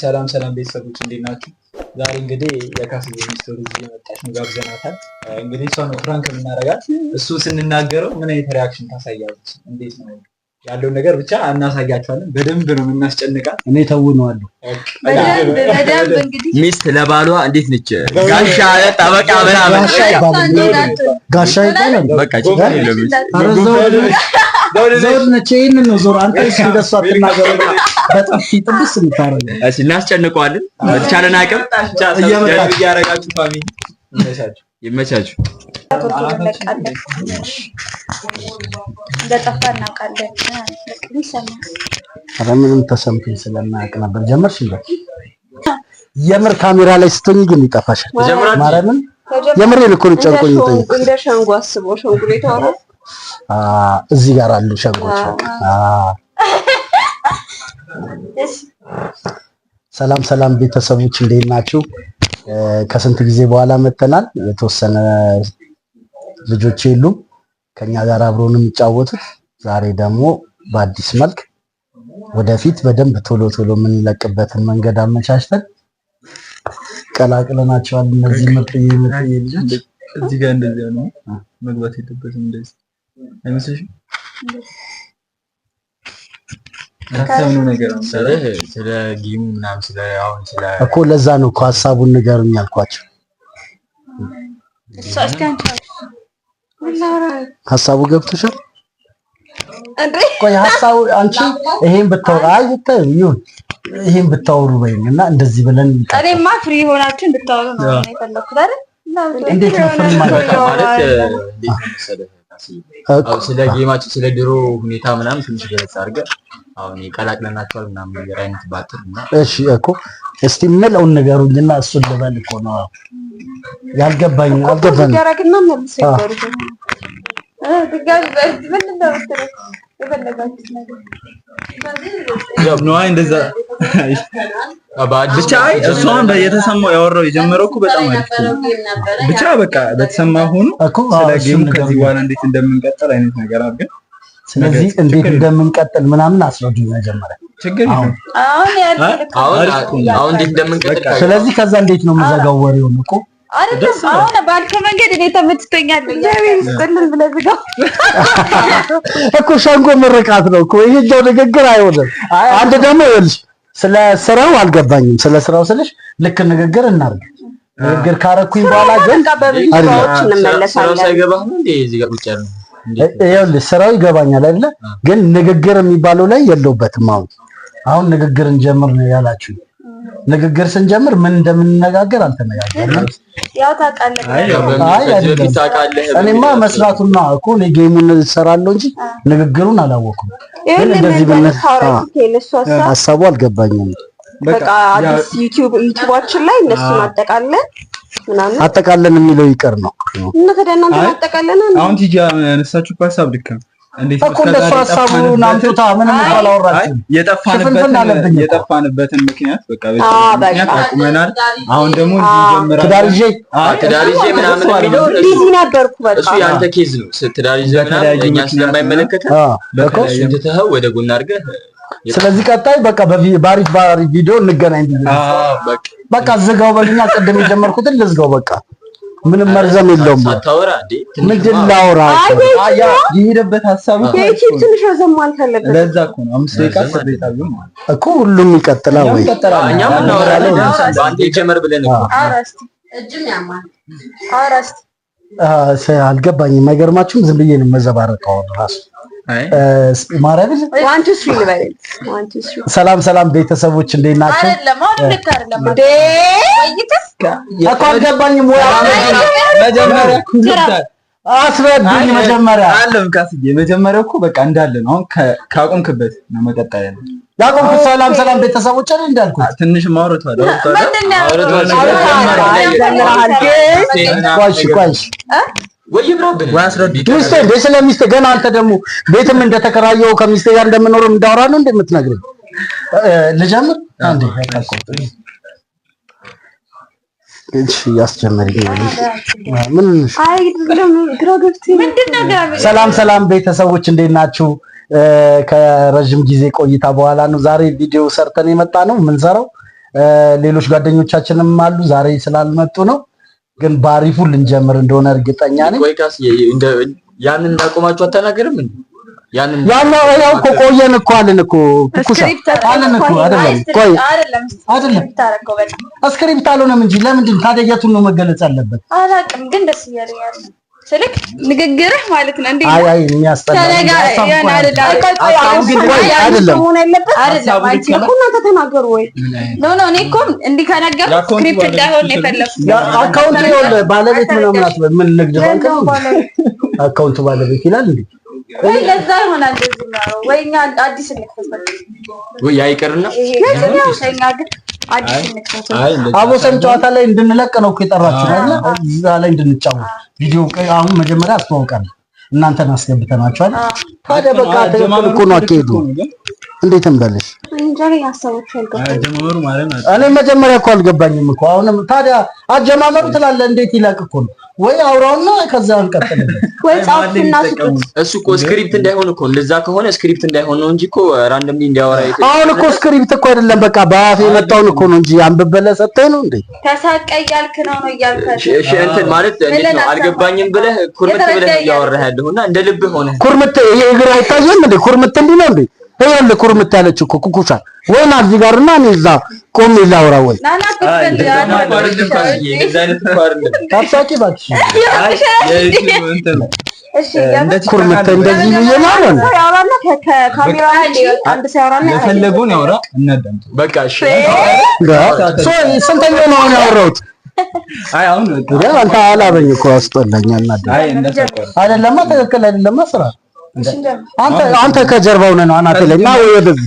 ሰላም ሰላም ቤተሰቦች እንዴት ናችሁ? ዛሬ እንግዲህ የካስዬ ሚስቶሪ የመጣች ነው ጋብዘናታል። እንግዲህ ነው ፍራንክ የምናደርጋት እሱ ስንናገረው ምን አይነት ሪያክሽን ታሳያለች? እንዴት ነው ያለውን ነገር ብቻ እናሳያቸዋለን። በደንብ ነው የምናስጨንቃት። እኔ ተውነዋለሁ። ሚስት ለባሏ እንዴት ነች? ጋሻ ጠበቃ ምናምን ጋሻ ነች። ነው ዞር አንተ ጥብስ እናስጨንቀዋለን። በተቻለን አቅም እያረጋችሁ ፋሚሊ ይመቻችሁ። እንደጠፋ እናውቃለን። ኧረ ምንም ተሰምቶኝ ስለማያውቅ ነበር። ጀመርሽበት የምር ካሜራ ላይ ስትሆኝ ግን ይጠፋሻል። ማርያምን የምሬን እኮ ነው። ጨንቆኝ ጠይቅ። እንደ ሸንጎ አስበው ሸንጎ ይታወራ። እዚህ ጋር አሉ ሸንጎች። ሰላም ሰላም ቤተሰቦች እንዴት ናችሁ? ከስንት ጊዜ በኋላ መተናል። የተወሰነ ልጆች የሉም ከኛ ጋር አብረውን የሚጫወቱት። ዛሬ ደግሞ በአዲስ መልክ ወደፊት በደንብ ቶሎ ቶሎ የምንለቅበትን መንገድ አመቻችተን ቀላቅለናቸዋል። እነዚህ ምርጥ ልጆች እዚህ ጋር እንደዚህ ነው መግባት የለበትም እንደዚህ አይመስልሽም? እኮ ለዛ ነው እኮ ሀሳቡን ንገሩኝ ያልኳቸው። ሀሳቡ ገብቶሻል? ቆይ ሀሳቡ አንቺ ይሄን ብታወራ ይታይ ይሁን ይሄን ብታወሩ ወይም እና እንደዚህ ብለን እኔማ ፍሪ ሆናችሁ እንድታወሩ ነው የፈለኩት አይደል? እንዴት ነው ፍሪ ማለት ማለት እንዴት ነው ስለ ጌማችን ስለ ድሮ ሁኔታ ምናምን ትንሽ ገለጽ አድርገን አሁን ይቀላቅለናቸዋል ምናምን ነገር አይነት ባትር እና እሺ እኮ እስቲ የምለውን ንገሩኝና እሱን ልበል እኮ ነው ያልገባኝ አልገባኝ ያረግና መልስ ይበሩት ድጋሚ በእርድ ምን እንደምትለው የፈለጋችሁት ነገር ያው ነው አይ እንደዛ ብቻ አይ እሷን የተሰማው ያወራው የጀመረው እኮ በጣም አሪፍ ብቻ በቃ በተሰማ ሆኖ ስለ ጌሙ ከዚህ በኋላ እንዴት እንደምንቀጥል አይነት ነገር አድርገን ስለዚህ እንዴት እንደምንቀጥል ምናምን አስረዱኝ መጀመሪያ። ችግር አሁን አሁን እንዴት እንደምንቀጥል። ስለዚህ ከዛ እንዴት ነው የምዘጋው ወሬውን እኮ አይደለም አሁን ባልከው መንገድ እኔ ተመችቶኛል እኮ ሸንጎ ምርቃት ነው እኮ ይሄኛው ንግግር አይሆንም። አንድ ደግሞ ይኸውልሽ ስለ ስራው አልገባኝም። ስለ ስራው ስልሽ ልክ ንግግር እናርግ። ንግግር ካረኩኝ በኋላ ግን ይኸውልሽ ስራው ይገባኛል አይደለ? ግን ንግግር የሚባለው ላይ የለውበትም። አሁን አሁን ንግግር እንጀምር ነው ያላችሁ። ንግግር ስንጀምር ምን እንደምንነጋገር አልተነጋገርንም። እኔማ መስራቱና እኮ ጌሙን እሰራለሁ እንጂ ንግግሩን አላወቅኩም። ሀሳቡ አልገባኝም። በቃ አዲስ ዩቲዩብ ዩቲዩባችን ላይ እነሱን አጠቃለን ምናምን አጠቃለን የሚለው ይቀር ነው እና እናንተ አጠቃለን አሁን ቲጂ ሀሳብ ልክ ነው። እኮ እንደሱ ምንም የጠፋንበትን ምክንያት በቃ ምክንያት አቁመናል። አሁን ደግሞ ትዳር ይዤ ትዳር ይዤ ምናምን ቢዚ ነበርኩ። በቃ እሱ የአንተ ኬዝ ነው። ትዳር ምናምን እኛ ወደ ጎን አድርገህ ስለዚህ ቀጣይ በቃ በአሪፍ ቪዲዮ እንገናኝ። በቃ ዝጋው በልኛ። ቅድም የጀመርኩትን ልዝጋው በቃ ምንም መርዘም የለውም። ታውራ ምንድን ላውራ የሄደበት ሀሳብ ትንሽ ለዛ እኮ ነው አምስት እኮ ሁሉም ይቀጥላል ወይ ጀመር አልገባኝም። አይገርማችሁም? ዝም ብዬ ነው መዘባረቀው ራሱ ሰላም ሰላም ቤተሰቦች እንዴት ናቸው? አልገባኝም። አስረዱኝ። መጀመሪያ መጀመሪያ እኮ በቃ እንዳለ ነው። አሁን ካቆምክበት ነው መቀጠል ያለ ያቆም ሰላም ሰላም ቤተሰቦች አለ እንዳልኩ ትንሽ ማውረቷል አውርቷል። ሚስቴ ቤት ስለ ሚስቴ ገና አንተ ደግሞ ቤትም እንደተከራየው ከሚስቴ ጋር እንደምኖርም እንዳወራ ነው እንደምትነግረኝ። ልጀምር አንዴ ሰላም ሰላም ቤተሰቦች እንዴት ናችሁ? ከረዥም ጊዜ ቆይታ በኋላ ነው ዛሬ ቪዲዮ ሰርተን የመጣ ነው። የምንሰራው ሌሎች ጓደኞቻችንም አሉ ዛሬ ስላልመጡ ነው። ግን ባሪፉ ልንጀምር እንደሆነ እርግጠኛ ነኝ። ያንን እንዳቆማችሁ አታናገርም እንዴ? ያንን ያው እኮ ቆየን እኮ አለን እኮ ትኩሳ አለን እኮ አይደለም፣ ቆይ አይደለም፣ እስክሪፕት አልሆነም እንጂ ለምንድን ታዲያ የቱን ነው መገለጽ አለበት? አላውቅም፣ ግን ደስ እያለኝ ስልክ ንግግርህ ማለት ነው። እንዴ አይ አይ የሚያስጠላ ተናገሩ ወይ ኖ ኖ እኔ እኮ እንዲህ ከነገርኩ ስክሪፕት እንዳይሆን የፈለኩት። አካውንቱ ይኸውልህ ባለቤት ምናምን አትበል። ምን ንግድ ባንክ አካውንቱ ባለቤት ይላል እንዴ? ወይ ለዛ ይሆናል ወይ እኛ አዲስ እንከፈት ወይ አይቀርና ለዚህ ነው ግን አቦ ሰም ጨዋታ ላይ እንድንለቅ ነው እኮ የጠራችሁ አይደል? እዛ ላይ እንድንጫወት ቪዲዮ አሁን መጀመሪያ አስተዋውቃለሁ። እናንተን አስገብተናችኋል። ታዲያ በቃ ትክክል ነው አካሄዱ። እንዴት እንበልሽ? እኔ መጀመሪያ እኮ አልገባኝም እኮ አሁንም። ታዲያ አጀማመሩ ትላለህ እንዴት ይለቅ እኮ ነው ወይ አውራውና ከዛ እንቀጥል። እሱ እኮ ስክሪፕት እንዳይሆን እኮ እንደዛ ከሆነ ስክሪፕት እንዳይሆን ነው እንጂ እኮ ራንደምሊ እንዲያወራ አሁን እኮ ስክሪፕት እኮ አይደለም። በቃ በአፍ የመጣውን እኮ ነው እንጂ አንብበለ ሰጠኝ ነው እንዴ? ተሳቀ እያልክ ነው ነው እያልክ እሺ፣ እንትን ማለት እንዴት ነው አልገባኝም ብለህ ኩርምት ብለህ እያወራህ ያለሁና እንደ ልብ ሆነ ኩርምት። ይሄ እግር አይታየም እንዴ? ኩርምት እንዲህ ነው እንዴ? ይሄ ኩርምት ያለች እኮ ኩኩሻ ወይና እዚህ ጋርና እኔ እዛ ቆም ላውራ ወይ ታጣቂ እባክሽ ኩርምተ እንደዚህ ነው። አንድ የፈለገውን ያውራ። እናዳምጥ በቃ እሺ። ስንተኛው ነው አሁን ያወራሁት? አንተ አላበኝ እኮ አስጠላኝ። አይደለማ ትክክል አይደለማ ስራ አንተ ከጀርባው ነህ አናቴ ላይ እና ወይ ወደዚህ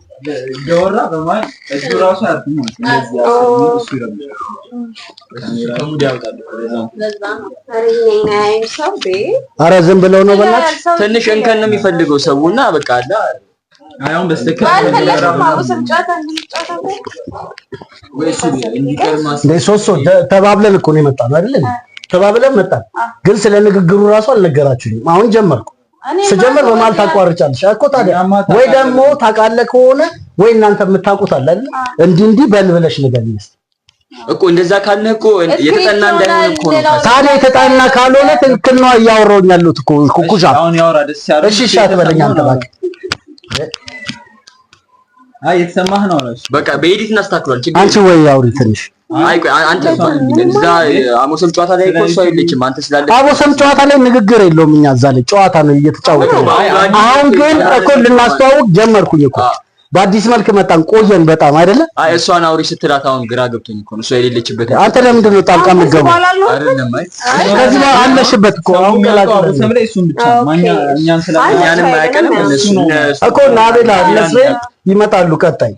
እያወራ በማል እሱ ራሱ ኧረ ዝም ብለው ነው በእናትሽ ትንሽ እንከን ነው የሚፈልገው ሰውና በቃ አለ አሁን በስተቀር ሶስት ሰው ተባብለን እኮ ነው የመጣነው አይደል? ተባብለን መጣን፣ ግን ስለ ንግግሩ ራሱ አልነገራችሁኝም። አሁን ጀመርኩ ስጀምር በመሀል ታቋርጫለሽ እኮ ታዲያ። ወይ ደግሞ ታውቃለህ ከሆነ ወይ እናንተ የምታውቁት አለ አይደል? እንዲህ እንዲህ በል ብለሽ ንገሪኝ እስኪ እኮ እንደዛ ካልነህ እኮ የተጠና እንዳይሆን እኮ ነው ታዲያ። የተጠና ካልሆነ ትክክል ነው እያወራሁኝ ያለሁት እኮ ኩኩሻ። እሺ እሺ አትበለኝ አንተ እባክህ። አይ የተሰማህ ነው በቃ። በኤዲት እናስተካክሏል። አንቺ ወይ አውሪ ትንሽ አሞሰም ጨዋታ ላይ እኮ እሷ የለችም። አንተ ጨዋታ ላይ ንግግር የለውም። እኛ እዛ ላይ ጨዋታ ነው እየተጫወተ ነው። አሁን ግን እኮ ልናስተዋውቅ ጀመርኩኝ እኮ በአዲስ መልክ መጣን። ቆየን በጣም አይደለ? አይ እሷን አውሪ ስትላት አሁን ግራ ገብቶኝ እኮ ነው። እሷ የሌለችበት አንተ ለምንድን ነው ጣልቃ የምትገቡ? አይደለም ከዚህ ላይ አለሽበት እኮ አሁን ገላጭ ነው። እሱን ብቻ ማኛ እኛን እኮ ናቤላ ለስሬ ይመጣሉ። ቀጣይ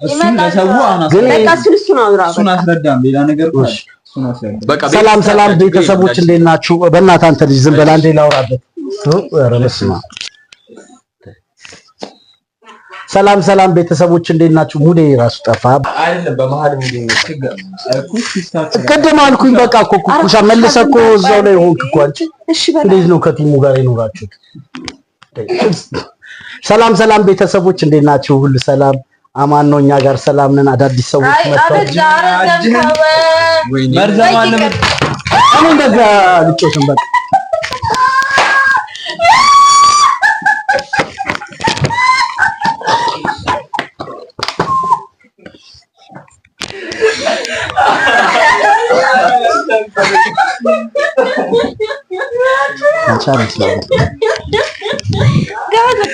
ሰላም ሰላም ቤተሰቦች እንዴት ናችሁ? በእናትህ አንተ ልጅ ዝም በላ እንዴ ላውራበት። ሰላም ሰላም ቤተሰቦች እንዴት ናችሁ? ሙዴ ራሱ ጠፋ። ቅድም አልኩኝ። በቃ እኮ ኩኩሻ መልሰህ እኮ እዛው ላይ ሆንክ እኮ አንቺ። እንዴት ነው ከቲሙ ጋር የኖራችሁት? ሰላም ሰላም ቤተሰቦች እንዴት ናችሁ? ሁሉ ሰላም አማን ነው። እኛ ጋር ሰላም ነን። አዳዲስ ሰዎች መጥተው እንደዛ ልጮትን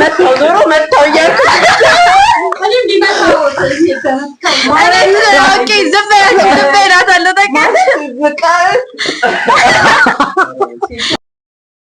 መተው ዞሮ መተው እያልኩ ዝም በያቸው ዝም በይናታለሁ።